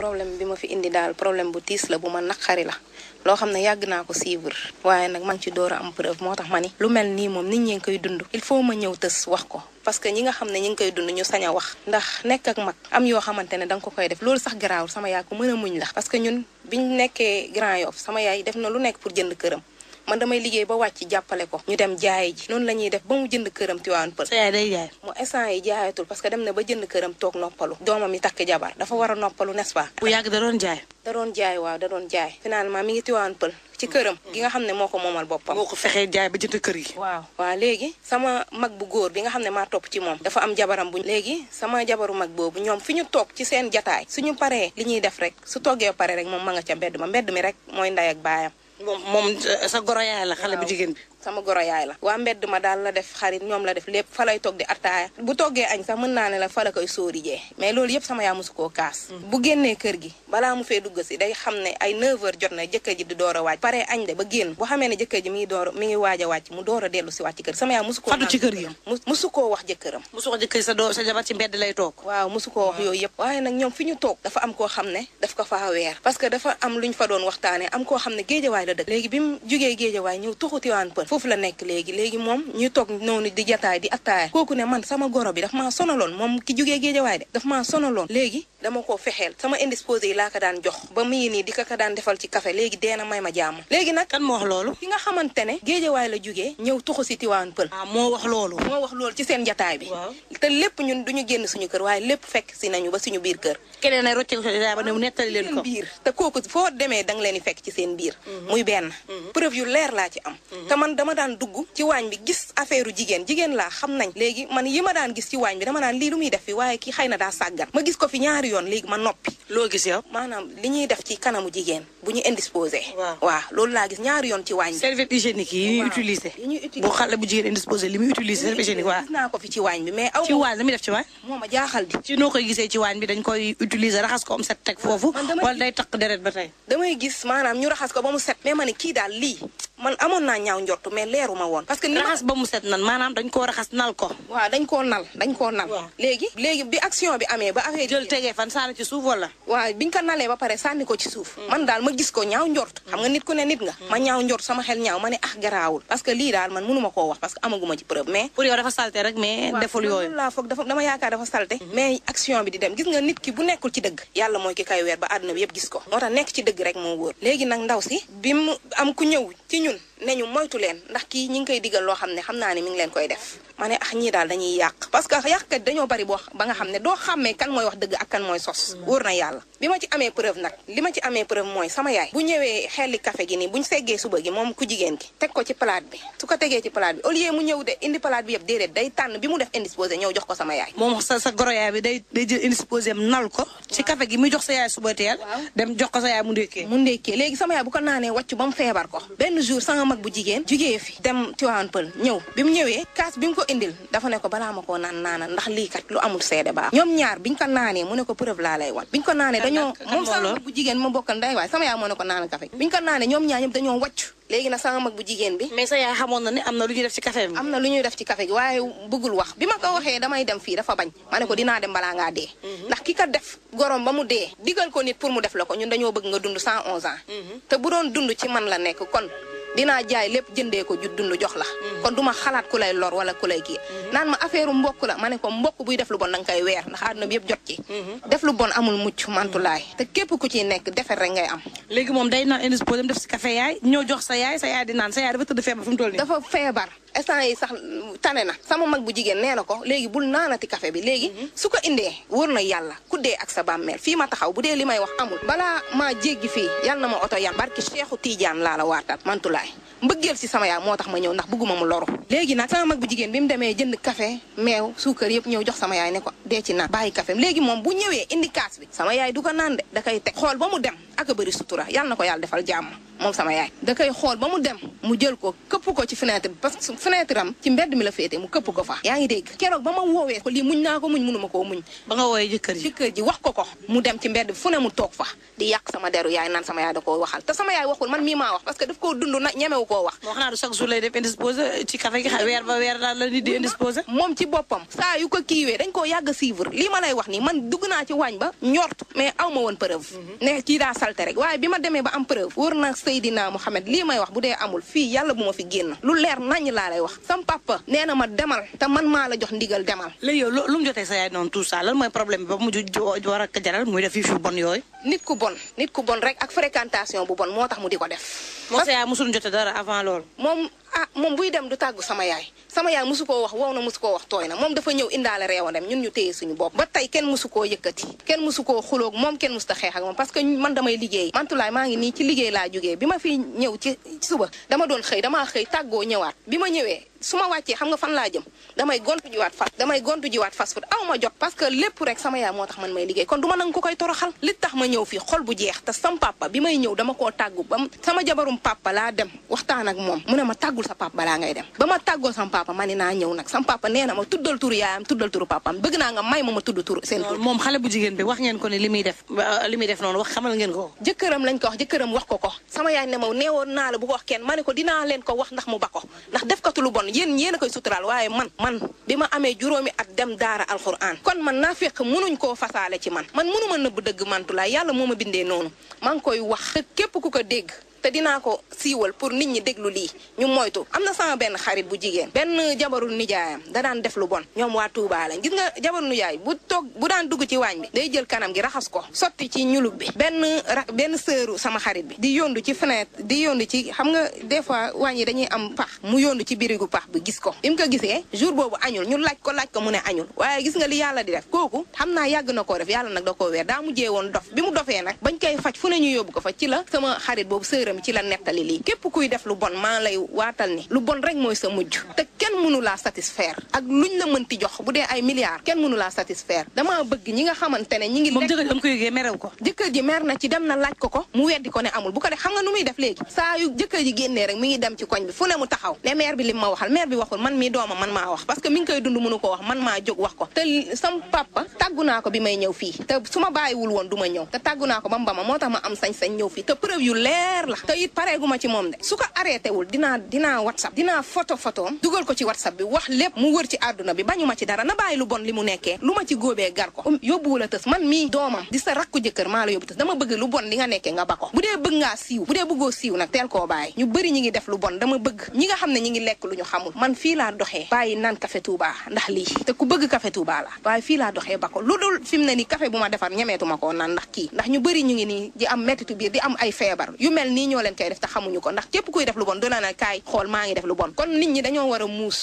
problème bi ma fi indi daal problème bu tiis la bu ma naqari la loo xam ne yàgg naa ko suivre waaye nag maa ngi ci door am preuve moo tax ma ni lu mel nii moom nit ñi ngi koy dund il faut ma ñëw tës wax ko parce que ñi nga xam ne ñi ngi koy dund ñu sañ a wax ndax nekk ak mag am yoo xamante ne da nga ko koy def loolu sax garaawul sama yaay ko mën a muñ la parce que ñun biñ nekkee Grand Yoff sama yaay def na lu nekk pour jënd këram man damay liggéey ba wàcc jàppale ko ñu dem jaaye ji noonu la ñuy def ba mu jënd këram Tivaouane Peulh mu instant yi parce que dem na ba jënd këram toog noppalu doomam yi takk jabar dafa war a noppalu n'est-ce pas bu yàgg da doon jaay da doon jaay waaw da doon jaay finalement mi ngi Tivaouane Peulh ci këram gi nga ne moo ko moomal boppam moo fexee jaay ba jënd kër yi waaw léegi sama mag bu góor bi nga xam ne maa topp ci moom dafa am jabaram bu léegi sama jabaru mag boobu ñoom fi ñu toog ci seen jataay ñu paree li ñuy def rek su toggee pare rek moom ma nga ca mbedd ma mbedd mi rek mooy ak baayam moom sa goro yaay la xale bu jigéen bi. sama goro yaay la waa mbedd ma daal la def xarit ñoom la def lépp fa lay toog di attaaya bu toggee mën naa ne la fa la koy sóori jee mais loolu yëpp sama yaa mosu koo kaas mm. bu kër gi balaa mu fee dugg si day xam ne ay 9 heures jot na jëkkër ji di door a wàcc pare añ de ba génn bu xamee ji mi ngi door mi ngi waaj a wàcc mu door a dellu si wàcc koo fatu ci kër sa doo sa jabar ci mbedd lay toog wax yooyu yëpp waaye nag ñoom fi ñu toog dafa am koo xam ne daf ko faa parce que dafa am luñ fa doon waxtaane am koo xam ne géejawaay la dëkk léegi bi mu jugee géejawaay ñëw tuxu tiwaan pël foofu la nekk léegi léegi moom ñuy toog noonu di jataay di attaaya kooku ne man sama goro bi daf maa sonaloon moom ki jugee géejawaay de daf maa sonaloon léegi dama ko fexeel sama indisposé yi laa ko daan jox ba mu ngi nii di ko ko daan defal ci café léegi deena may ma jàmm léegi nag kan moo wax loolu ki nga xamante ne géejawaay la jugee ñëw si tiwaan pël ah wax loolu moo wax loolu ci seen jataay bi te lépp ñun duñu génn suñu kër waaye lépp fekk si nañu ba suñu biir kër keneen ay rocce ko ba ne nettali leen ko biir te kooku foo demee da leen di fekk ci seen biir mhm. muy benn mhm. preuve yu leer laa ci am mhm. te man dama daan dugg ci waañ bi gis affaire jigéen jigéen laa xam nañ léegi man yi ma daan gis ci waañ bi dama daan lii lu muy def waaye kii xëy na daa sàggan ma gis ko fi ñaari yoon léegi ma noppi loo gis yow. maanaam li ñuy def ci kanamu jigéen bu ñu indisposé. waaw loolu laa gis ñaari yoon ci wàññi. serviette hygiénique yi ñuy utiliser. bu xale bu jigéen indisposé li muy utiliser serviette hygiénique waaw. gis naa ko fi ci waañ bi mais aw. ci waañ la def ci wañ moom ma jaaxal di. ci noo koy gisee ci waañ bi dañ koy utiliser raxas ko am set teg foofu. wala day taq deret ba tey. damay gis maanaam ñu raxas ko ba mu set. mais ma ne kii daal lii man amoon naa ñaaw njort mais leeru ma woon. parce que raxas ba mu set nan maanaam dañ koo raxas nal ko. waaw dañ koo nal dañ koo nal. léegi léegi bi action bi amee ba affaire jël tegee fan saana ci suuf wala waaw biñ ko nalee ba pare sànni ko ci suuf mm. man daal ma gis ko ñaaw njort mm. xam nga nit ku ne nit nga mm. ma ñaaw njort sama xel ñaaw ma ne ah garaawul parce que lii daal man mënu koo wax parce que amaguma ci preuve mais pour yow dafa salté rek mais deful yooyu laa dafa dama yaakaar dafa salté mm-hmm. mais action bi di dem gis nga nit ki bu nekkul ci dëgg yàlla mooy ki kay weer ba àdduna bi yëpp gis ko moo tax nekk ci dëgg rek moo wóor léegi nag ndaw si bi mu am ku ñëw ci ñun ne ñu moytu leen ndax kii ñi ngi koy digal loo xam ne xam naa ne mu ngi leen koy def ma ne ah daal dañuy yàq parce que yàqkat dañoo bari boo ba nga xam ne doo xàmmee kan mooy wax dëgg ak kan mooy sos mm-hmm. wóor na yàlla bi ma amee preuve nag li ma ci amee mooy sama yaay bu ñëwee xelli café gi nii buñ seggee suba gi moom ku jigéen ki teg ko ci palaat bi su ko tegee ci palaat bi au lieu mu ñëw de indi palaat bi yëpp déedéet day tànn bi mu def indisposé ñëw jox ko sama yaay moom sa sa goro yaay bi day day jël am nal ko ci café gi muy jox sa yaay suba teel dem jox ko sa yaay mu ndékkee m ndékkee léegi sama benn jour sama mag bu jigéen jugee fi dem Tivaouane Peul ñëw bi mu ñëwee kaas bi mu ko indil dafa ne ko balaa ma koo naan naana ndax lii kat lu amul seede baax ñoom ñaar ñoom dañoo wàcc léegi nag sama mag bu jigéen bi. mais sa xamoon na ne am na lu ñuy def ci café bi. am na lu ñuy def ci café gi waaye bëggul wax bi ma ko waxee damay dem fii dafa bañ. ma ne ko mhm. dinaa dem balaa ngaa dee. Mhm. ndax ki ka def gorom ba mu dee. digal ko nit pour mu def la ko ñun dañoo bëgg nga dund dinaa jaay lépp jëndee ko ju dund jox la kon duma xalaat ku lay lor wala ku lay kii naan ma affaire mbokk la ma ne ko mbokk buy def lu bon da nga koy weer ndax àdduna bi yëpp jot ci def lu bon amul mucc mantulaay te képp ku ciy nekk defet rek ngay am léegi moom day naan indisposé def si café yaay ñoo jox sa yaay sa yaay di naan sa yaay dafa tëdd feebar fi mu toll nii dafa feebar instant yi sax tane na sama mag bu jigéen nee na ko léegi bul naanati kafe bi léegi mhm. su ko indee wër na yàlla ku dee ak sa bàmmeel fii ma taxaw bu dee li may wax amul balaa maa jéggi fii yal na ma oto yan barki Cheikhu Tidiane laa la waatal mantulaay mbëggeel si sama yaay moo tax ma ñëw ndax bëgguma mu loru léegi nag sama mag bu jigéen bi mu demee jënd café meew suukar yëpp ñëw jox sama yaay ne ko dee ci naan bàyyi kafe léegi moom bu ñëwee indi kaas bi sama yaay du ko naan da koy teg xool ba mu dem ak a bëri sutura yal na ko yàlla defal jàmm moom sama yaay da xool ba mu dem mu jël ko këpp ko ci fenêtre bi parce ci mbedd mi la féete mu këpp ko fa yaa dégg keroog ba ma woowee ko mu dem ci mbedd bi fu ne mu toog fa di yàq sama deru yaay naan sama yaay da waxal te sama yaay waxul man mii maa wax parce que daf koo dund na ñemewu wax moom ci boppam saa ko kiiwee dañ koo yàgg suivre lii ma lay wax nii man dugg naa ci waañ ba ñort mais aw ma woon preuve mhm. salté rek waaye bi ma demee ba am preuve wóor na Seydina Mohamed lii may wax bu dee amul fii yàlla bu ma fi génn lu leer nañ laa lay wax sam papa ma demal te man maa la jox ndigal demal. léegi yow lu mu jotee sa yaay noonu tout ça lan mooy problème bi ba mu war a jaral muy def yu bon yooyu. nit ku bon nit ku bon rek ak fréquentation bu bon moo tax mu di ko def. moo sa yaay musul jotee dara avant loolu moom ah moom buy dem du tàggu sama yaay sama yaay mosu koo wax wow na mosu koo wax tooy na moom dafa ñëw indaale reewandem ñun ñu téye suñu bopp ba tey kenn mosu koo yëkkati kenn mosu koo xuloog moom kenn mosu ta xeex ak moom parce que man damay liggéey mantulaay maa ngi nii ci liggéey laa jógee bi ma fi ñëw ci suba dama doon xëy damaa xëy tàggoo ñëwaat bi ma ñëwee suma wacce xam nga fan la jëm damay gontu wat fast damay gontu jiwaat fast food aw ma jot parce que lepp rek sama ya motax man may liggey kon duma nang ko koy toroxal li tax ma ñew fi xol bu jeex ta sam papa bi may ñew dama ko taggu bam sama jabarum papa la dem waxtaan ak mom, mune ma taggul sa papa la ngay dem bama taggo sam papa ma ne naa sam papa neena ma tuddal turu yaam tuddal turu papa bëgg na nga may ma tuddu turu sen tur xale bu jigen bi wax ngeen ko ne limi def euh, limi def non. wax xamal ngeen ko jëkkëram lañ ko wax jëkkëram wax ko ko sama yaay ne ma neewon na la bu ko wax ken ko ko wax ndax mu bako ndax def tu lu bon yéen yéen a koy suturaal waaye man man bi ma amee juróomi at dem daara alxuraan kon man naa fekk mënuñ koo fasaale ci man man mënuma nëbb dëgg mantulaay yàlla moo ma bindee noonu man koy wax képp ku ko dégg te dinaa ko siiwal pour nit ñi déglu lii ñu moytu am na sama benn xarit bu jigéen benn jabarul nijaayam da daan def lu bon ñoom waa Touba lañ gis nga jabarul nijaay toog bu daan dugg ci waañ bi day jël kanam gi raxas ko sotti ci ñulub bi benn ra benn sëru sama xarit bi di yóndu ci fenêtre di yóndu ci xam nga des fois waañ yi dañuy am pax mu yóndu ci birigu pax bi gis ko bi mu ko gisee jour boobu añul ñu laaj ko laaj ko mu ne añul waaye gis nga li yàlla di def kooku xam naa yàgg na ko def yàlla nag da koo weer daa mujjee woon dof bi mu dofee nag bañ koy faj fu ne ñu yóbbu ko fa ci la sama xarit boobu sër jëkkëram ci la netali li kep kuy def lu bon ma lay watal ni lu bon rek moy sa mujj te kenn mënu la satisfaire ak luñ la ti jox budé ay milliards kenn mënu la satisfaire dama bëgg ñi nga xamantene ñi ngi ko yëgee merew ko jëkkër ji mer na ci dem na laaj ko ko mu wéddi ko né amul bu ko dé xam nga numuy def légui sa yu jëkkër ji génné rek mi ngi dem ci koñ bi fu ne mu taxaw né mer bi lim ma waxal bi waxul man mi dooma man ma wax parce que mi ngi koy dund mënu ko wax man ma jog wax ko te sam papa taguna ko bi may ñëw fi te suma bayiwul won duma ñëw te taguna ko bam mbama ma am sañ-sañ ñëw fi te preuve yu leer la wax te it pareeguma ci moom de su ko arrêté wul dinaa dinaa whatsapp dinaa photo photoom dugal ko ci whatsapp bi wax lépp mu wër ci àdduna bi bañu ma ci dara na bàyyi lu bon li mu nekkee lu ma ci góobee gar ko yóbbuwu la tës man mii doomam di sa rakku jëkkër maa la yóbbu tës dama bëgg lu bon li nga nekkee nga ba ko bu dee bëgg ngaa siiw bu dee bëggoo siiw nag teel koo bàyyi ñu bëri ñi ngi def lu bon dama bëgg ñi nga xam ne ñi ngi lekk lu ñu xamul man fii laa doxee bàyyi naan café Touba ndax lii te ku bëgg café Touba waaye fii laa doxee ba ko lu dul fi mu ne ni café bu ma defar ñemeetuma koo naan ndax kii ndax ñu bëri ñu ngi nii di am mettitu biir di am ay feebar yu mel nii ñoo leen koy def te xamuñu ko ndax képp kuy def lu bon doo naan kaay xool maa ngi def lu bon kon nit ñi dañoo war a muus